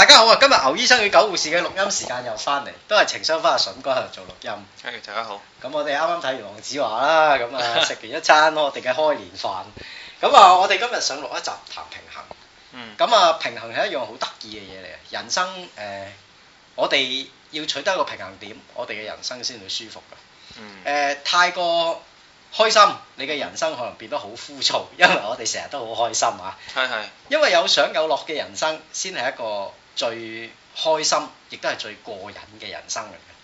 大家好啊！今日牛醫生與狗護士嘅錄音時間又翻嚟，都係情商返阿筍嗰度做錄音。大家好。咁我哋啱啱睇完黃子華啦，咁啊食完一餐我哋嘅開年飯。咁 啊，我哋今日想錄一集談平衡。咁、嗯、啊，平衡係一樣好得意嘅嘢嚟嘅。人生誒、呃，我哋要取得一個平衡點，我哋嘅人生先會舒服㗎。嗯、呃。太過開心，你嘅人生可能變得好枯燥，因為我哋成日都好開心啊。係係的。因為有想有樂嘅人生，先係一個。最開心，亦都係最過癮嘅人生嚟嘅。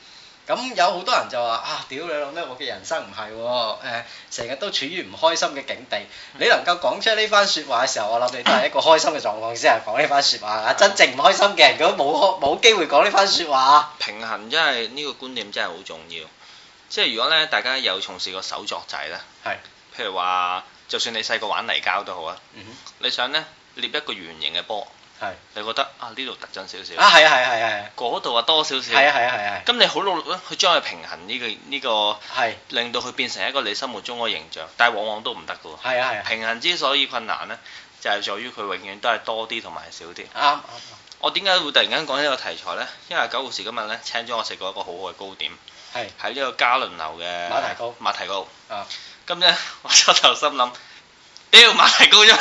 咁有好多人就話啊，屌你老咩！我嘅人生唔係喎，呃、成日都處於唔開心嘅境地。你能夠講出呢番説話嘅時候，我諗你都係一個開心嘅狀況先係講呢番説話。真正唔開心嘅人，如果冇冇機會講呢番説話。平衡真係呢個觀點真係好重要。即係如果咧，大家有從事過手作仔咧，係是，譬如話，就算你細個玩泥膠都好啊。嗯、哼你想咧捏一個圓形嘅波。係，你覺得啊呢度特進少少啊，係啊係啊，係，嗰度啊多少少，係啊係啊係啊，咁你好努力去將佢平衡呢個呢個，係，令到佢變成一個你心目中個形象，但係往往都唔得噶喎，係啊係啊，平衡之所以困難咧，就係在於佢永遠都係多啲同埋少啲，啱啱。我點解會突然間講呢個題材咧？因為狗護士今日咧請咗我食過一個好好嘅糕點，係喺呢個嘉麟樓嘅馬蹄糕，馬蹄糕啊。咁咧我初頭心諗。屌、哎、馬蹄糕啫、 哎，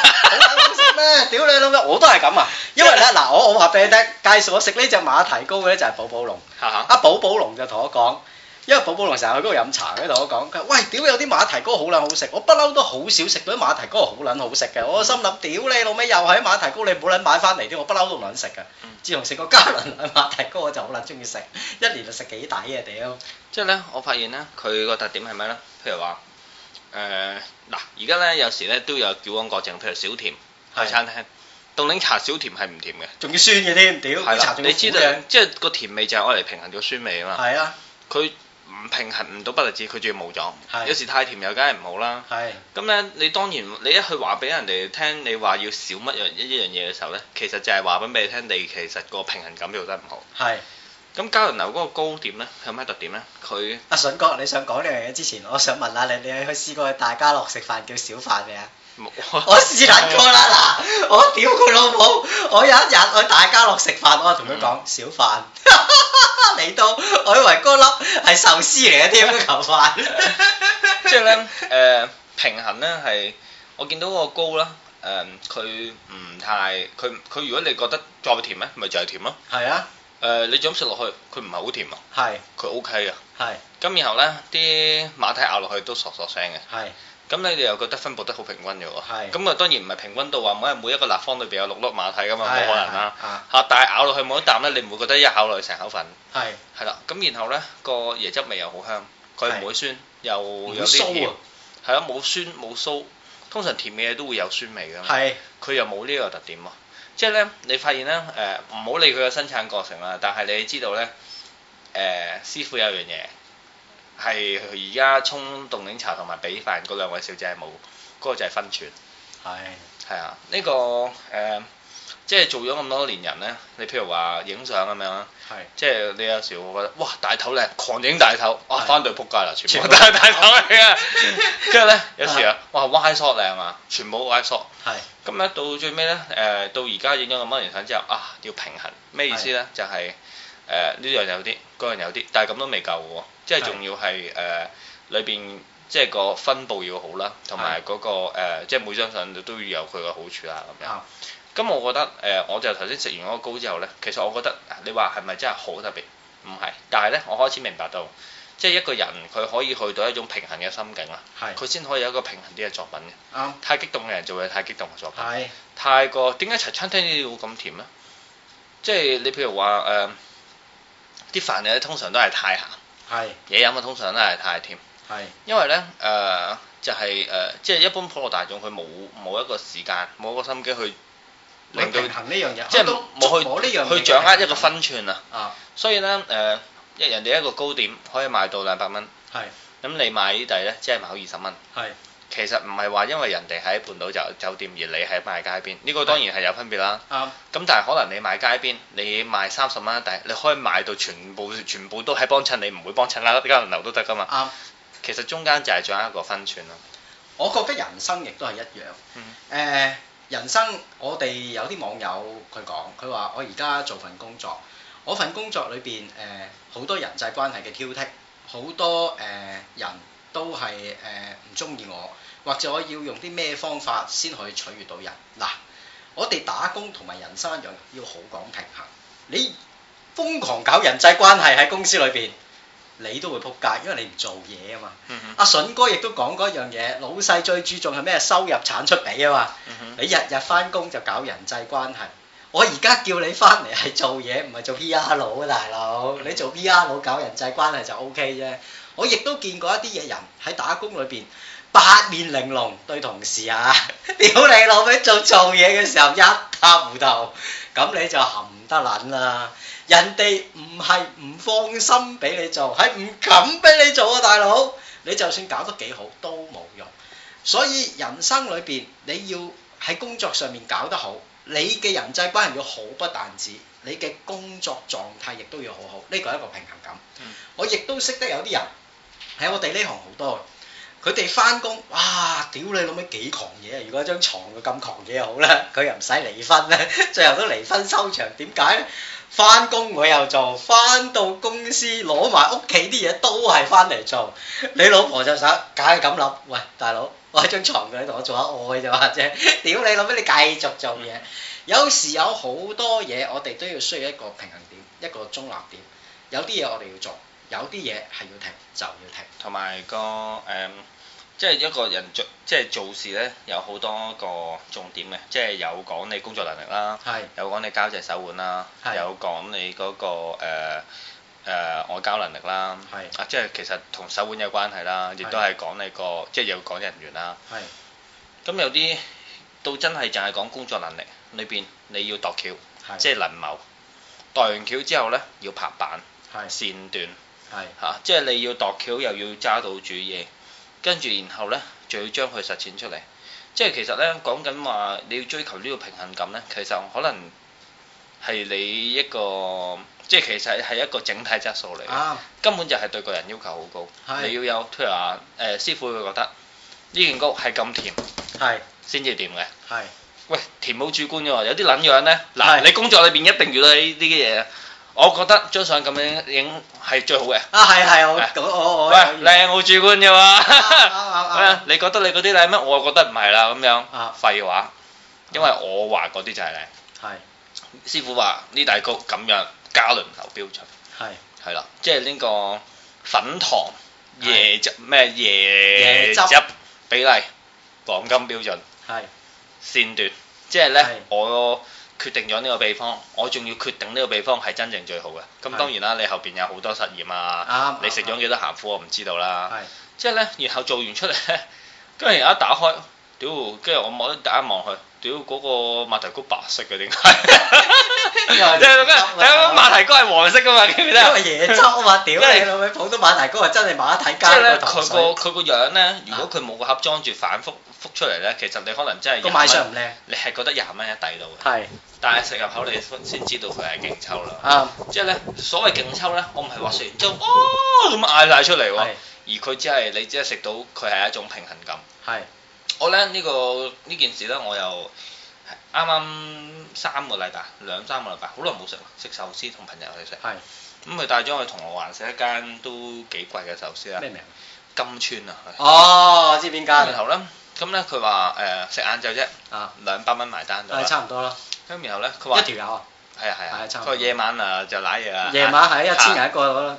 好食咩？屌你老味，我都係咁啊！因為咧嗱，我我話俾你聽，介紹我食呢隻馬蹄糕嘅咧就係寶寶龍，啊！寶寶、啊、龍就同我講，因為寶寶龍成日去嗰度飲茶，佢同我講，佢喂，屌有啲馬蹄糕好撚好食，我不嬲都好少食，到啲馬蹄糕好撚好食嘅，我心諗屌你老味，又喺啲馬蹄糕，你冇好撚買翻嚟啲，我不嬲都唔撚食噶。自從食過嘉倫馬蹄糕，我就好撚中意食，一年就食幾抵啊！屌，即係咧，我發現咧佢個特點係咩咧？譬如話誒。呃嗱，而家咧有時咧都有矯枉過正，譬如少甜，係是的 餐廳，凍檸茶少甜係唔甜嘅，仲要酸嘅添，屌，茶仲的你知道，即係個甜味就係愛嚟平衡咗酸味啊嘛，係啊，佢唔平衡唔到不得了不止，佢仲要冇咗，是的 有時太甜又梗係唔好啦，係是的，咁咧你當然你一去話俾人哋聽，你話要少乜樣一一樣嘢嘅時候咧，其實就係話緊俾你聽，你其實個平衡感做得唔好，係的。咁嘉倫樓嗰個糕點呢？有咩特點呢？佢阿筍哥，你想講呢樣嘢之前，我想問下你，你去試過去大家樂食飯叫小飯未啊？我試過啦，嗱，我屌佢老母，我有一日去大家樂食飯，嗯、我同佢講小飯，嚟 到我以為嗰粒係壽司嚟嘅添，求飯。即係呢，誒、呃、平衡呢，係我見到個糕啦，佢、呃、唔太佢佢如果你覺得再甜呢，咪就係甜咯。係是啊。 誒，你咁食落去，佢唔係好甜啊，係，佢 O K 嘅，係。咁然後咧，啲馬蹄咬落去都索索聲嘅，係。咁你哋又覺得分佈得好平均嘅喎，咁啊當然唔係平均到話，每一個立方裏邊有六粒馬蹄噶嘛，冇可能啦。嚇！但係咬落去每一啖咧，你唔會覺得一咬落去成口粉，係。係啦，咁然後咧，個椰汁味又好香，佢唔會酸，又有啲甜。係咯，冇酸冇酥。通常甜嘅嘢都會有酸味㗎嘛，係。佢又冇呢個特點喎。即係咧，你發現咧，誒唔好理佢個生產過程啦，但係你知道咧，誒、呃、師傅有樣嘢係而家沖凍檸茶同埋畀飯嗰兩位小姐係冇，嗰、嗰個就係分寸。係是。係啊、嗯，呢、嗯呢個誒即係做咗咁多年人咧，你譬如話影相咁樣啦，即係是你有時會覺得哇大頭靚，狂影大頭，啊翻對撲街啦，全部都係大頭嚟嘅。跟住咧有時啊，哇 Y shot 靚啊，全部 Y shot。係咁咧，到最尾咧，誒到而家影咗個貓眼相之後啊，要平衡咩意思咧？是就係誒呢樣有啲，嗰、這、樣、個、有啲，但係咁都未夠喎，即係仲要係誒裏邊即係個分佈要好啦，同埋嗰個是、呃、即係每張相都要有佢嘅好處啦咁樣。咁好我覺得誒、呃，我就頭先食完嗰個糕之後咧，其實我覺得你話係咪真係好特別？唔係，但係咧，我開始明白到。即係一個人，佢可以去到一種平衡嘅心境啦，佢先是可以有一個平衡啲嘅作品嘅。嗯、太激動嘅人就會有太激動嘅作品。係是，太過點解茶餐廳啲會咁甜呢？即、就、係、是、你譬如話誒，啲飯嘢通常都係太鹹，係嘢飲嘅通常都係太甜。係是，因為咧誒、呃，就係、是、誒，即、呃、係、就是、一般普羅大眾佢冇冇一個時間，冇一個心機去令到平衡呢樣嘢，即係冇去去掌握一個分寸啊，啊所、呃。所以咧誒。呃一人哋一個糕點可以賣到兩百蚊，係咁是你賣啲第呢，只係賣好二十蚊，係是其實唔係話因為人哋喺半島酒酒店而你喺賣街邊，呢、這個當然係有分別啦，咁是但係可能你賣街邊，你賣三十蚊但第，你可以賣到全部全部都喺幫襯你，唔會幫襯啦，邊間輪流都得噶嘛，啱是其實中間就係仲有一個分寸咯。我覺得人生亦都係一樣，誒、嗯呃、人生我哋有啲網友佢講，佢話我而家做份工作，我份工作裏邊誒。呃好多人際關係嘅挑剔，好多誒、呃、人都係誒唔中意我，或者我要用啲咩方法先可以取悅到人？嗱，我哋打工同埋人生一樣，要好講平衡。你瘋狂搞人際關係喺公司裏邊，你都會撲街，因為你唔做嘢啊嘛。阿筍、嗯嗯啊、哥亦都講過一樣嘢，老細最注重係咩？收入產出比啊嘛，嗯嗯嗯你日日翻工就搞人際關係。我而家叫你翻嚟係做嘢，唔係做 PR 佬啊，大佬！你做 PR 佬搞人際關係就 O K 啫。我亦都見過一啲嘅人喺打工裏邊八面玲瓏對同事啊，屌你老味！做做嘢嘅時候一塌糊塗，咁你就冚唔得撚啦。人哋唔係唔放心俾你做，係唔敢俾你做啊，大佬！你就算搞得幾好都冇用。所以人生裏邊你要喺工作上面搞得好。你嘅人際關係要好，不但止，你嘅工作狀態亦都要好好，呢個係一個平衡感。嗯、我亦都識得有啲人喺我哋呢行好多，佢哋翻工，哇！屌你老味幾狂嘢！啊！如果一張床佢咁狂嘢，就好啦，佢又唔使離婚咧，最後都離婚收場，點解咧？翻工我又做，翻到公司攞埋屋企啲嘢都係翻嚟做。你老婆就想，梗係咁諗。喂，大佬，我喺張牀度，你同我做下愛就話啫。屌你老味，你繼續做嘢。有時有好多嘢，我哋都要需要一個平衡點，一個中立點。有啲嘢我哋要做，有啲嘢係要停，就要停。同埋個誒。即係一個人做，即係做事咧，有好多個重點嘅。即係有講你工作能力啦，有講你交際手腕啦，有講你嗰個誒外交能力啦。係啊，即係其實同手腕有關係啦，亦都係講你個即係有講人緣啦。係。咁有啲都真係淨係講工作能力，裏邊你要度橋，即係能謀。度完橋之後咧，要拍板，線段，嚇，即係你要度橋又要揸到主嘢。跟住，然後呢，就要將佢實踐出嚟。即係其實呢，講緊話你要追求呢個平衡感呢，其實可能係你一個，即係其實係一個整體質素嚟，啊、根本就係對個人要求好高。是的 你要有，譬如話、呃、師傅會覺得呢件糕係咁甜，係先至掂嘅。係是的 喂，甜冇主觀嘅喎，有啲撚樣呢。嗱是的，你工作裏邊一定遇到呢啲嘢。我覺得張相咁樣影係最好嘅。啊係係，我我我。喂，靚好主觀嘅喎。啊啊啊！你覺得你嗰啲靚咩？我覺得唔係啦，咁樣廢話。因為我話嗰啲就係靚。係。師傅話呢大曲咁樣，加侖頭標準。係。係啦，即係呢個粉糖椰汁咩椰汁比例，黃金標準。係。線段，即係咧我。決定咗呢個秘方，我仲要決定呢個秘方係真正最好嘅。咁當然啦，的你後邊有好多實驗啊，是你食咗幾多鹹苦我唔知道啦。是的即係呢，然後做完出嚟呢，跟住一打開，屌，跟住我望一打望佢，屌嗰、那個馬蹄糕白色嘅點解？大哥係黃色噶嘛，記唔記得？因為野抽啊嘛，屌為你老味！普通牙提哥係真係麻一睇膠。即係佢個佢個樣咧，如果佢冇個盒裝住反覆覆出嚟咧，其實你可能真係個賣相唔靚，你係覺得廿蚊一袋到。係是。但係食入口你先知道佢係勁抽啦。即係咧，所謂勁抽咧，我唔係話食完之哦咁嗌曬出嚟喎，是而佢只係你只係食到佢係一種平衡感。係是。我咧呢個呢件事咧，我又。啱啱三個禮拜，兩三個禮拜，好耐冇食啦，食壽司同朋友去食。係，咁佢帶咗我去銅鑼灣食一間都幾貴嘅壽司啦。咩名？金川啊。哦，知邊間。然後咧，咁咧佢話誒食晏晝啫，兩百蚊埋單就。係，差唔多咯。咁然後咧，佢話一條友啊。係啊係啊，佢話夜晚啊就瀨嘢啦。夜晚係一千銀一個咯。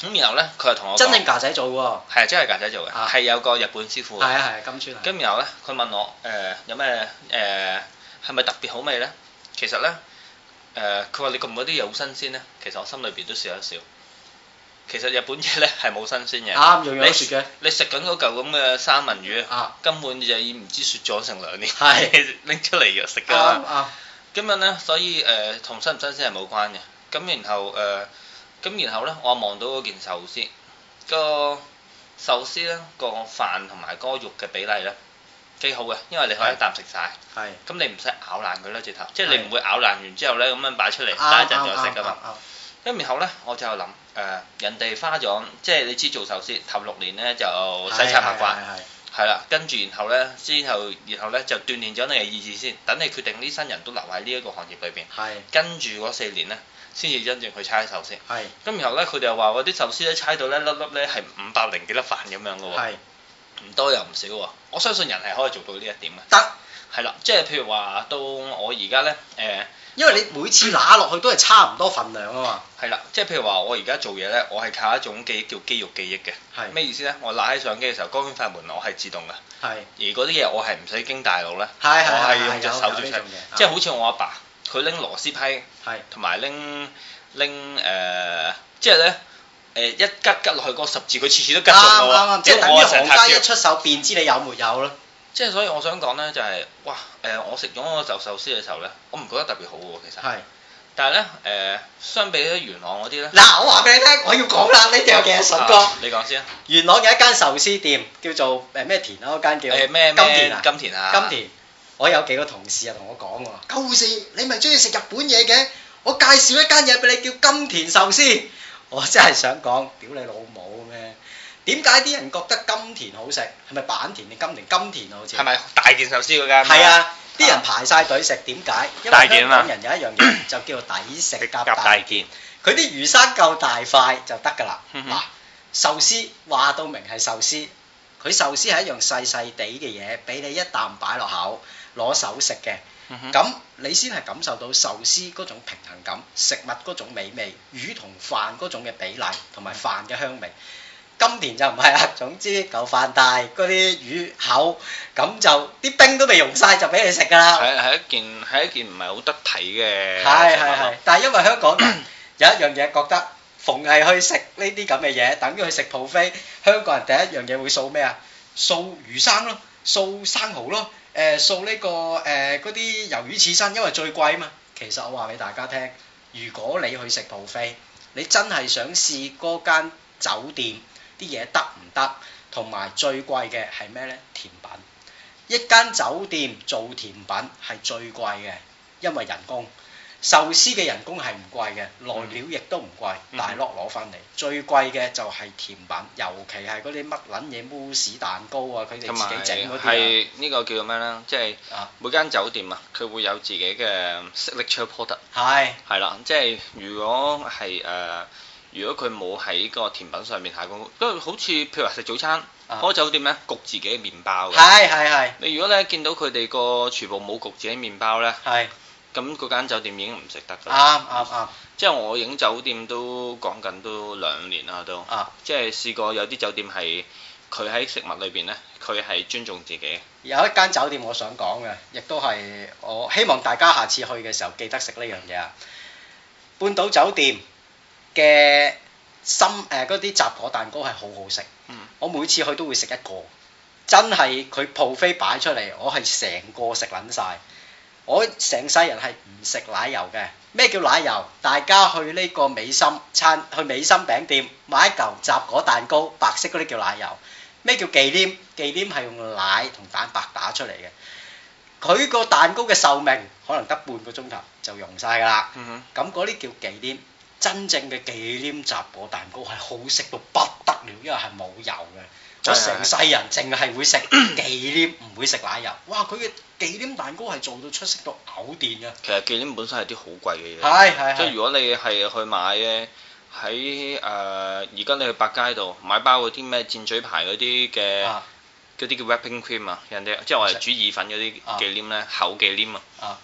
咁然後咧，佢又同我講、哦，真正㗎仔做嘅，係啊，真係㗎仔做嘅，係有個日本師傅，係啊係金川。咁然後咧，佢問我誒、呃、有咩誒係咪特別好味咧？其實咧誒，佢、呃、話你覺唔覺啲嘢好新鮮咧？其實我心裏邊都笑一笑。其實日本嘢咧係冇新鮮嘅，啱，嘅。你食緊嗰嚿咁嘅三文魚，啊、根本就已唔知雪咗成兩年，係拎出嚟食嘅。啱啊，今日咧， 所以誒同、uh, 新唔新鮮係冇關嘅。咁然後誒。啊咁然後咧，我望到嗰件壽司、那個壽司咧個飯同埋嗰肉嘅比例咧幾好嘅，因為你可以一啖食晒。係是。咁你唔使咬爛佢啦，直頭是，即係你唔會咬爛完之後咧，咁樣擺出嚟，第、啊、一陣再食噶嘛。咁、啊啊、然後咧，我就諗誒，呃、人哋花咗即係你知做壽司頭六年咧就洗刷客慣，係啦，跟住然後咧，之後然後咧就鍛鍊咗你嘅意志先，等你決定呢新人都留喺呢一個行業裏邊。係是。是跟住嗰四年咧。先至真正去猜壽司，係咁然後咧，佢哋又話嗰啲壽司咧猜到咧粒粒咧係五百零幾粒飯咁樣嘅喎，係唔多又唔少喎，我相信人係可以做到呢一點嘅，得係啦，即係譬如話到我而家咧，誒，因為你每次揦落去都係差唔多份量啊嘛，係啦，即係譬如話我而家做嘢咧，我係靠一種記憶叫肌肉記憶嘅，係咩意思咧？我揦起相機嘅時候，光圈快門我係自動嘅，係而嗰啲嘢我係唔使經大腦咧，係係係用手做，即係好似我阿爸。佢拎螺絲批，係同埋拎拎誒，即係咧誒一拮拮落去嗰十字，佢次次都拮中喎。啱啱啱，即係等於行家一出手，便知你有沒有咯。即係所以我想講咧，就係哇誒，我食咗嗰個就壽司嘅時候咧，我唔覺得特別好喎，其實。係。但係咧誒，相比起元朗嗰啲咧。嗱，我話俾你聽，我要講啦，你仲有幾多首歌？你講先啊。元朗有一間壽司店叫做誒咩田啊，嗰間叫誒咩咩金田啊，金田。我有幾個同事啊，同我講喎，狗護士，你咪中意食日本嘢嘅？我介紹一間嘢俾你，叫金田壽司。我真係想講，屌你老母咩？點解啲人覺得金田好食？係咪坂田定金田？金田好似？係咪大件壽司嗰間？係啊，啲人排曬隊食點解？因為香港人有一樣嘢就叫做抵食夾大件。佢啲魚生夠大塊就得㗎啦。嗱，壽司話到明係壽司，佢壽司係一樣細細哋嘅嘢，俾你一啖擺落口。攞手食嘅，咁你先係感受到壽司嗰種平衡感，食物嗰種美味，魚同飯嗰種嘅比例，同埋飯嘅香味。今年就唔係啦，總之舊飯大，嗰啲魚厚，咁就啲冰都未溶晒就俾你食㗎啦。係係一件係一件唔係好得睇嘅，係係係。但係因為香港有一樣嘢覺得，逢係去食呢啲咁嘅嘢，等於去食泡飛。香港人第一樣嘢會掃咩啊？掃魚生咯，掃生蠔咯。誒，掃呢個誒嗰啲魷魚刺身，因為最貴嘛。其實我話俾大家聽，如果你去食 buffet，你真係想試嗰間酒店啲嘢得唔得？同埋最貴嘅係咩呢？甜品，一間酒店做甜品係最貴嘅，因為人工。壽司嘅人工係唔貴嘅，來料亦都唔貴，嗯、大粒攞翻嚟。最貴嘅就係甜品，尤其係嗰啲乜撚嘢慕斯蛋糕啊，佢哋自己整啲啊。呢、呢個叫做咩呢？即、就、係、是、每間酒店啊，佢會有自己嘅食力 support。係係啦，即係、就是、如果係誒、呃，如果佢冇喺個甜品上面下功夫，因為好似譬如話食早餐，好、啊、酒店呢，焗自己麵包嘅。係係係。你如果呢，見到佢哋個廚房冇焗自己麵包呢。係是。咁嗰間酒店已經唔食得㗎，啱啱啱。即係我影酒店都講緊都兩年啦，都、嗯。啊！即係試過有啲酒店係佢喺食物裏邊咧，佢係尊重自己。有一間酒店我想講嘅，亦都係我希望大家下次去嘅時候記得食呢樣嘢。嗯、半島酒店嘅心誒嗰啲雜果蛋糕係好好食。嗯、我每次去都會食一個，真係佢鋪飛擺出嚟，我係成個食撚晒。我成世人係唔食奶油嘅。咩叫奶油？大家去呢個美心餐，去美心餅店買一嚿雜果蛋糕，白色嗰啲叫奶油。咩叫忌廉？忌廉係用奶同蛋白打出嚟嘅。佢個蛋糕嘅壽命可能得半個鐘頭就溶晒㗎啦。咁嗰啲叫忌廉。真正嘅忌廉雜果蛋糕係好食到不得了，因為係冇油嘅。我成世人淨係會食忌廉，唔 會食奶油。哇！佢嘅忌廉蛋糕係做到出色到嘔電嘅。其實忌廉本身係啲好貴嘅嘢。係係即係如果你係去買咧，喺誒而家你去百佳度買包嗰啲咩箭嘴牌嗰啲嘅嗰啲叫 whipping cream 啊，cream，人哋吃即係我哋煮意粉嗰啲忌廉咧、啊、厚忌廉啊，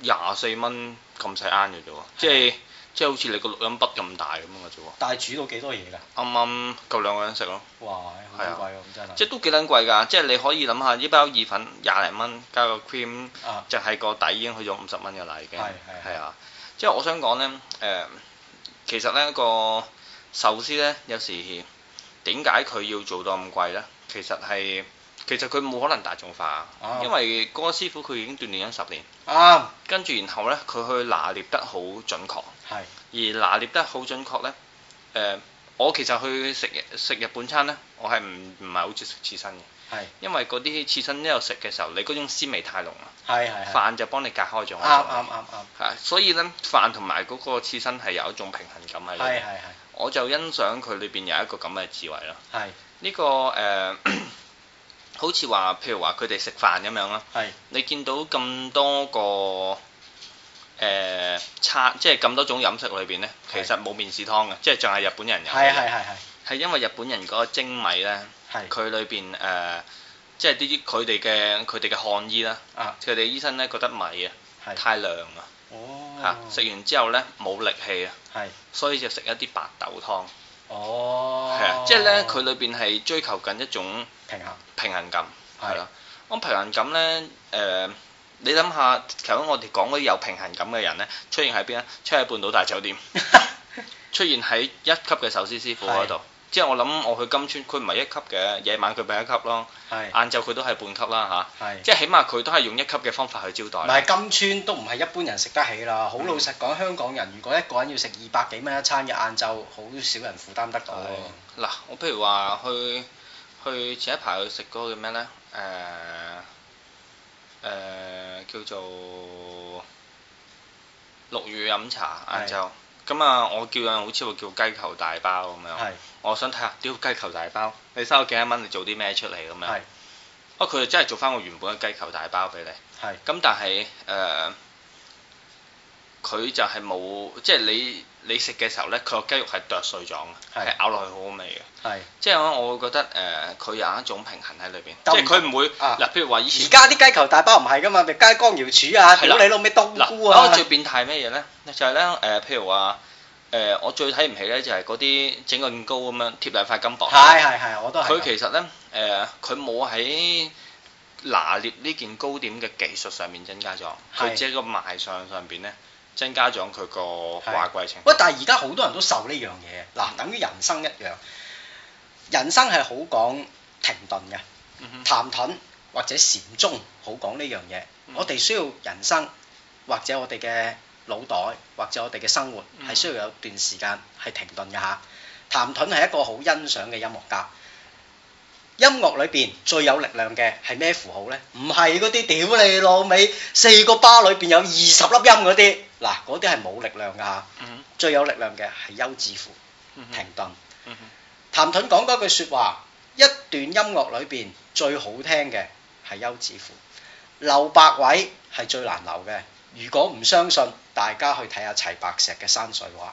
廿四蚊咁細盎嘅啫，即係。是是即係好似你個錄音筆咁大咁樣嘅啫喎，但係煮到幾多嘢㗎？啱啱夠兩個人食咯。哇，好貴喎、啊！咁真係、啊，即係都幾撚貴㗎。即係你可以諗下，呢包意粉廿零蚊加個 cream，啊、就係個底已經去咗五十蚊嘅喇已經。係係係啊！即係我想講咧，誒、呃，其實咧個壽司咧，有時點解佢要做到咁貴咧？其實係。其實佢冇可能大眾化，因為嗰個師傅佢已經鍛鍊咗十年。跟住然後呢，佢去拿捏得好準確。而拿捏得好準確呢，誒，我其實去食食日本餐呢，我係唔唔係好中意食刺身嘅。因為嗰啲刺身呢度食嘅時候，你嗰種鮮味太濃啦。係係係。飯就幫你隔開咗。啱啱啱啱。係，所以呢，飯同埋嗰個刺身係有一種平衡感喺度。我就欣賞佢裏邊有一個咁嘅智慧咯。呢個誒。好似話，譬如話佢哋食飯咁樣咯。係的。你見到咁多個誒餐、呃，即係咁多種飲食裏邊咧，其實冇麵豉湯嘅，即係仲係日本人有。係係係係。係因為日本人嗰個精米咧，係佢裏邊誒，即係啲佢哋嘅佢哋嘅漢醫啦。啊。佢哋醫生咧覺得米啊的太涼啊，哦嚇、oh. 食完之後咧冇力氣啊，係的，所以就食一啲白豆湯。哦、oh. yeah.。係、就、啊、是，即係咧佢裏邊係追求緊一種。平衡平衡感係啦是，我諗平衡感呢。誒、呃，你諗下，其實我哋講嗰啲有平衡感嘅人呢，出現喺邊咧？出現喺半島大酒店， 出現喺一級嘅壽司師傅嗰度。是即係我諗我去金村，佢唔係一級嘅，夜晚佢畀一級咯，晏晝佢都係半級啦吓。啊、是即係起碼佢都係用一級嘅方法去招待。唔係金村都唔係一般人食得起啦。好老實講，香港人如果一個人要食二百幾蚊一餐嘅晏晝，好少人負擔得到。嗱，我譬如話去。佢前一排去食嗰個叫咩呢？誒、呃、誒、呃、叫做六月飲茶晏晝，咁啊的、嗯、我叫人好似會叫雞球大包咁樣，的我想睇下啲雞球大包你收咗幾多蚊？你做啲咩出嚟咁樣？啊，佢的、嗯、真係做翻我原本嘅雞球大包俾你，咁的、嗯嗯、但係誒佢就係冇即係你。你食嘅時候咧，佢個雞肉係剁碎咗嘅，係咬落去好好味嘅，係即係我會覺得誒，佢有一種平衡喺裏邊，即係佢唔會嗱，譬如話以前而家啲雞球大包唔係噶嘛，咪加光瑤柱啊，攞你老味冬菇啊，嗱，最變態咩嘢咧？就係咧誒，譬如話誒，我最睇唔起咧就係嗰啲整個咁高咁樣貼兩塊金箔，係係係，我都係佢其實咧誒，佢冇喺拿捏呢件糕點嘅技術上面增加咗，佢只係個賣相上邊咧。增加咗佢個花貴情，喂！但係而家好多人都受呢樣嘢，嗱、嗯，等於人生一樣。人生係好講停頓嘅，譚、嗯、哼盾或者禪宗好講呢樣嘢。嗯、我哋需要人生或者我哋嘅腦袋或者我哋嘅生活係、嗯、需要有段時間係停頓嘅嚇。譚盾係一個好欣賞嘅音樂家，音樂裏邊最有力量嘅係咩符號呢？唔係嗰啲屌你老味，四個巴裏邊有二十粒音嗰啲。嗱，嗰啲係冇力量嘅嚇，嗯、哼最有力量嘅係優子符，嗯、哼停頓頓。譚盾講嗰句說話，一段音樂裏邊最好聽嘅係優子符，留白位係最難留嘅。如果唔相信，大家去睇下齊白石嘅山水畫，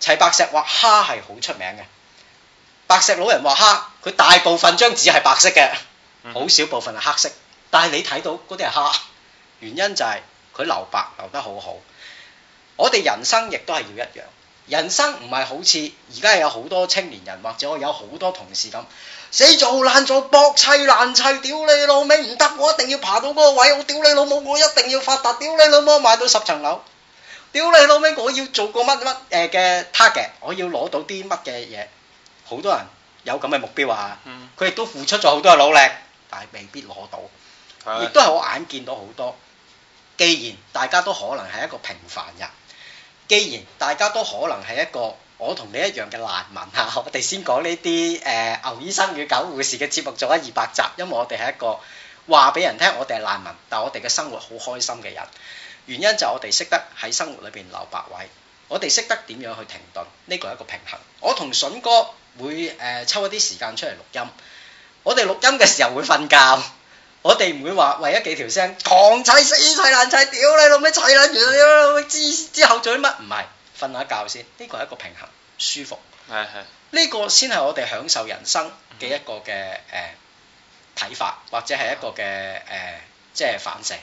齊白石畫蝦係好出名嘅，白石老人畫蝦，佢大部分張紙係白色嘅，好少部分係黑色，但係你睇到嗰啲係蝦，原因就係佢留白留得好好。我哋人生亦都係要一樣，人生唔係好似而家有好多青年人或者我有好多同事咁，死做爛做搏砌爛砌，屌你老味唔得！我一定要爬到嗰個位，我屌你老母！我一定要發達，屌你老母買到十層樓，屌你老味！我要做個乜乜誒嘅 target，我要攞到啲乜嘅嘢。好多人有咁嘅目標啊，佢亦都付出咗好多嘅努力，但係未必攞到，亦都係我眼見到好多。既然大家都可能係一個平凡人。既然大家都可能係一個我同你一樣嘅難民嚇、啊，我哋先講呢啲誒牛醫生與狗護士嘅節目做咗二百集，因為我哋係一個話俾人聽，我哋係難民，但我哋嘅生活好開心嘅人。原因就係我哋識得喺生活裏邊留白位，我哋識得點樣去停頓，呢、這個係一個平衡。我同筍哥會誒、呃、抽一啲時間出嚟錄音，我哋錄音嘅時候會瞓覺。我哋唔會話為咗幾條聲狂砌死砌爛砌，屌你老味砌爛住，屌之之後做啲乜？唔係，瞓下覺先。呢、這個係一個平衡，舒服。係係。呢個先係我哋享受人生嘅一個嘅誒睇法，或者係一個嘅誒、呃、即係反射。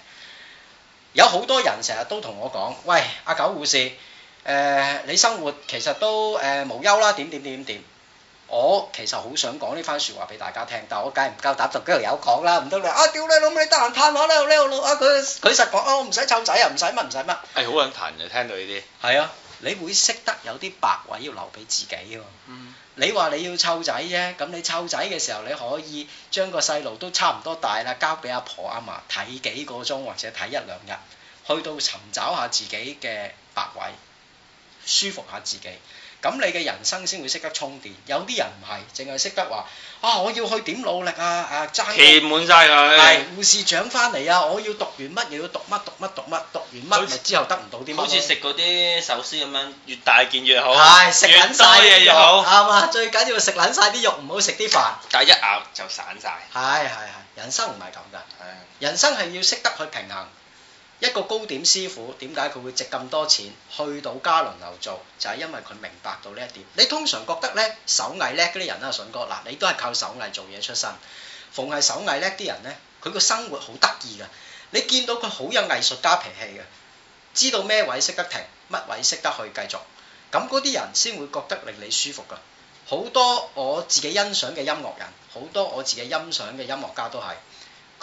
有好多人成日都同我講：喂，阿狗護士，誒、呃、你生活其實都誒、呃、無憂啦，點點點點。我其實好想講呢番説話俾大家聽，但我梗係唔夠膽，就跟住有講啦，唔得你啊屌你老母，你得閒攤我啦，你老老，佢佢實講，我唔使湊仔又唔使乜，唔使乜，係好緊攤就聽到呢啲。係啊，你會識得有啲白位要留俾自己啊嘛。你話你要湊仔啫，咁你湊仔嘅時候，你可以將個細路都差唔多大啦，交俾阿婆阿嫲睇幾個鐘，或者睇一兩日，去到尋找下自己嘅白位。舒服下自己，咁你嘅人生先會識得充電。有啲人唔係，淨係識得話，我要去點努力啊！啊，爭填滿曬佢，係護士長翻嚟啊！我要讀完乜又要讀乜讀乜讀乜讀完乜，之後得唔到啲乜，好似食嗰啲壽司咁樣，越大件越好，係食撚曬啲嘢越好，啱啊！最緊要食撚曬啲肉，唔好食啲飯，但係一咬就散曬。係係係，人生唔係咁噶，係人生係要識得去平衡。一個糕點師傅點解佢會值咁多錢？去到嘉倫樓做就係、是、因為佢明白到呢一點。你通常覺得呢手藝叻嗰啲人、啊、順啦，筍哥嗱，你都係靠手藝做嘢出身。逢係手藝叻啲人呢，佢個生活好得意㗎。你見到佢好有藝術家脾氣嘅，知道咩位識得停，乜位識得去繼續。咁嗰啲人先會覺得令你舒服㗎。好多我自己欣賞嘅音樂人，好多我自己欣賞嘅音樂家都係。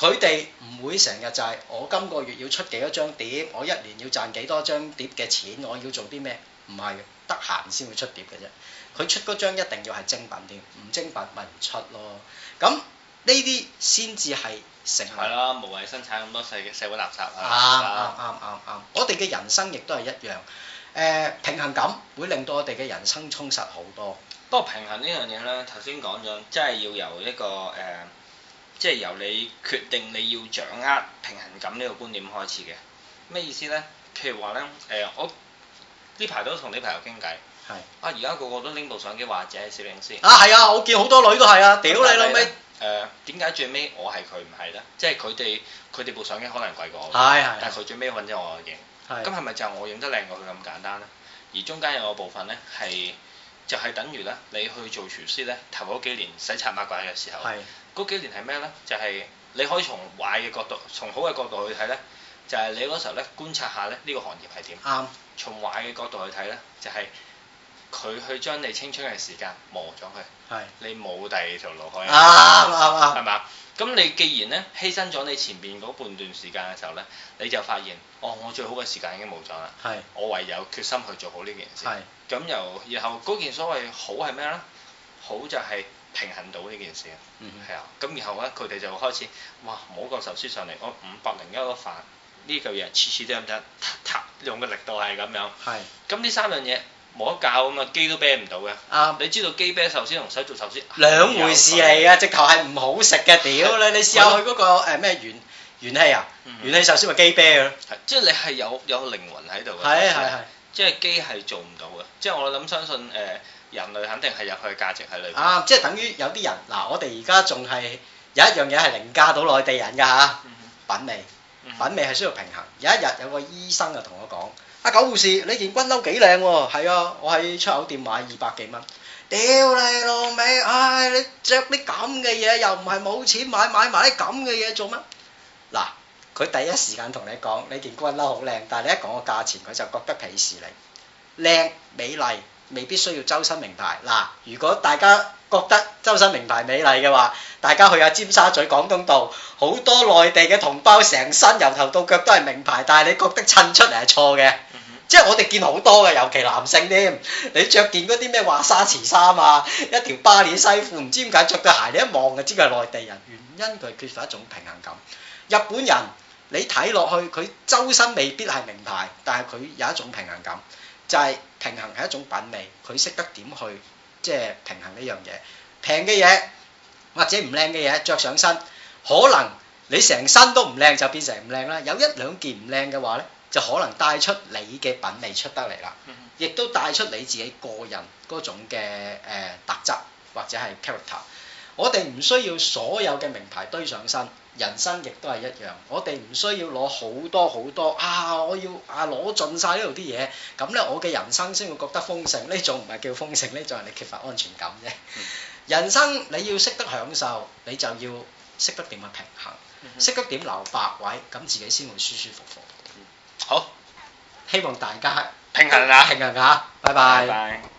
佢哋唔會成日就係我今個月要出幾多張碟，我一年要賺幾多張碟嘅錢，我要做啲咩？唔係，得閒先會出碟嘅啫。佢出嗰張一定要係精品碟，唔精品咪唔出咯。咁呢啲先至係成品。係啦，無謂生產咁多細嘅社會垃圾啊！啱啱啱啱，我哋嘅人生亦都係一樣。誒、呃，平衡感會令到我哋嘅人生充實好多。不過平衡呢樣嘢咧，頭先講咗，即係要由一個誒。呃即係由你決定你要掌握平衡感呢個觀點開始嘅，咩意思呢？譬如話呢，誒、呃、我呢排都同啲朋友傾偈，係是啊，而家個個都拎部相機或者攝影師，啊係啊，我見好多女這都係啊，這屌你老味！點解、呃、最尾我係佢唔係呢？即係佢哋佢哋部相機可能貴過我，是是是但係佢最尾揾咗我影，係咁係咪就係我影得靚過佢咁簡單呢？而中間有個部分呢，係就係、是、等於呢，你去做廚師呢，頭嗰幾年洗刷抹滾嘅時候，是是嗰幾年係咩呢？就係、是、你可以從壞嘅角度，從好嘅角度去睇呢。就係、是、你嗰時候呢，觀察下呢，呢個行業係點？啱。Right. 從壞嘅角度去睇呢，就係、是、佢去將你青春嘅時間磨咗佢。Right. 你冇第二條路可以行。啱啱啱。係嘛？咁、啊啊、你既然呢，犧牲咗你前面嗰半段時間嘅時候呢，你就發現，哦，我最好嘅時間已經冇咗啦。Right. 我唯有決心去做好呢件事。咁又 Right. 然後嗰件所謂好係咩呢？「好就係、是。平衡到呢件事啊，係啊，咁然後咧佢哋就開始，哇，摸個壽司上嚟，我五百零一個飯，呢嚿嘢次次都咁得，用嘅力度係咁樣，係，咁呢三樣嘢冇得教啊嘛，機都啤唔到嘅，啱，你知道機啤壽司同手做壽司兩回事嚟啊，直頭係唔好食嘅，屌你你試下佢嗰個誒咩元元氣啊，元氣壽司咪機啤咯，即係你係有有靈魂喺度嘅，係係係，即係機係做唔到嘅，即係我諗相信誒。人類肯定係有佢嘅價值喺裏邊。啊，即係等於有啲人嗱，我哋而家仲係有一樣嘢係凌駕到內地人㗎吓，品味，品味係需要平衡。有一日有個醫生就同我講，阿狗護士，你件軍褸幾靚喎？係啊，我喺出口店買二百幾蚊。屌你老味，唉！你著啲咁嘅嘢，又唔係冇錢買，買埋啲咁嘅嘢做乜？嗱，佢第一時間同你講你件軍褸好靚，但係你一講個價錢，佢就覺得鄙視你，靚美麗。未必需要周身名牌嗱，如果大家覺得周身名牌美麗嘅話，大家去下尖沙咀廣東道，好多內地嘅同胞成身由頭到腳都係名牌，但係你覺得襯出嚟係錯嘅，即係我哋見好多嘅，尤其男性添，你着件嗰啲咩華沙馳衫啊，一條巴連西褲，唔知點解着對鞋，你一望就知佢係內地人，原因佢缺乏一種平衡感。日本人你睇落去佢周身未必係名牌，但係佢有一種平衡感，就係。平衡係一種品味，佢識得點去即係、就是、平衡呢樣嘢。平嘅嘢或者唔靚嘅嘢着上身，可能你成身都唔靚就變成唔靚啦。有一兩件唔靚嘅話咧，就可能帶出你嘅品味出得嚟啦，亦都帶出你自己個人嗰種嘅誒、呃、特質或者係 character。我哋唔需要所有嘅名牌堆上身。人生亦都係一樣，我哋唔需要攞好多好多啊！我要啊攞盡晒呢度啲嘢，咁咧我嘅人生先會覺得豐盛。呢種唔係叫豐盛，呢種係你缺乏安全感啫。嗯、人生你要識得享受，你就要識得點樣平衡，識、嗯、哼得點留白位，咁自己先會舒舒服服。嗯、好，希望大家平衡下，平衡下，平衡下，拜拜。拜拜。